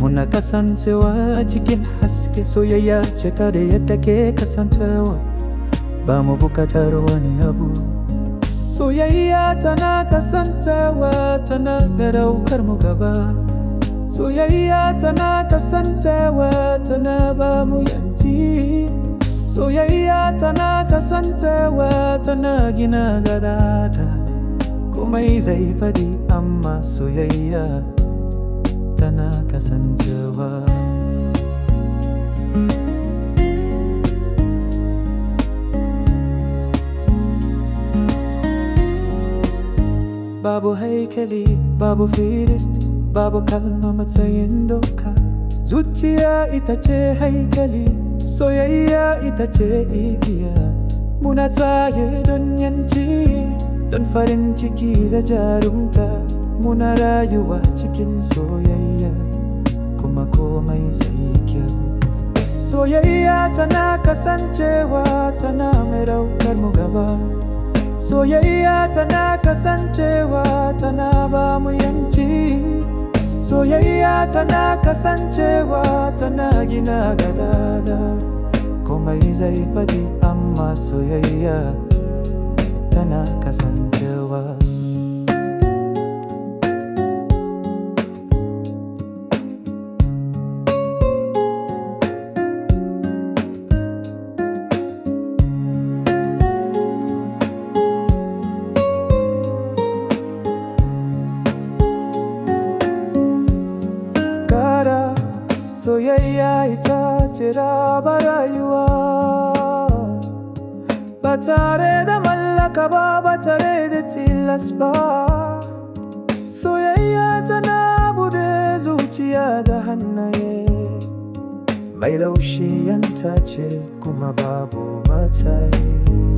muna kasancewa cikin haske soyayya ce kada yadda ke kasancewa ba mu bukatar wani abu soyayya tana kasancewa tana da daukar mu gaba soyayya tana kasancewa tana ba mu yanci soyayya tana kasancewa tana gina gadaka Kuma zai faɗi amma soyayya tana kasancewa babu haikali babu firist babu kalma matsayin doka zuciya ita ce haikali soyayya ita ce igiya muna tsaye don yanci don farin ciki da jarumta muna rayuwa cikin soyayya komai zai kyau soyayya tana kasancewa tana mai daukar mu gaba soyayya tana kasancewa tana ba mu yanci soyayya tana kasancewa tana gina gadada komai zai fadi amma soyayya tana kasancewa soyayya ita ce raba rayuwa ba tare da mallaka ba ba tare da tilas ba soyayya tana bude zuciya da hannaye mai laushi yanta ce kuma babu matsayi